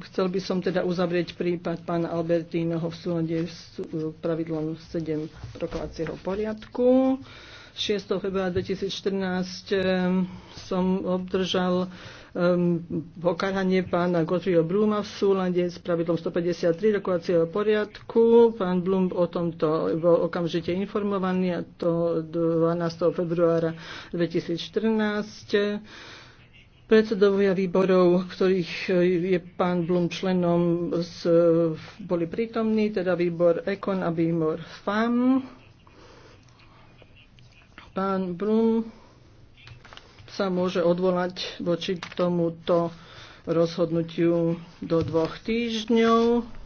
Chcel by som teda uzavrieť prípad pána Albertínoho e, e, e, v súlade s pravidlom 7 rokovacieho poriadku. 6. februára 2014 som obdržal um, pána Godfreyho Bruma v súlade s pravidlom 153 rokovacieho poriadku. Pán Blum o tomto bol okamžite informovaný a to 12. februára 2014 Predsedovia výborov, ktorých eh, je pán Blum členom, z, eh, boli prítomní, teda výbor Ekon a výbor FAM. Pán Blum sa môže odvolať voči tomuto rozhodnutiu do dvoch týždňov.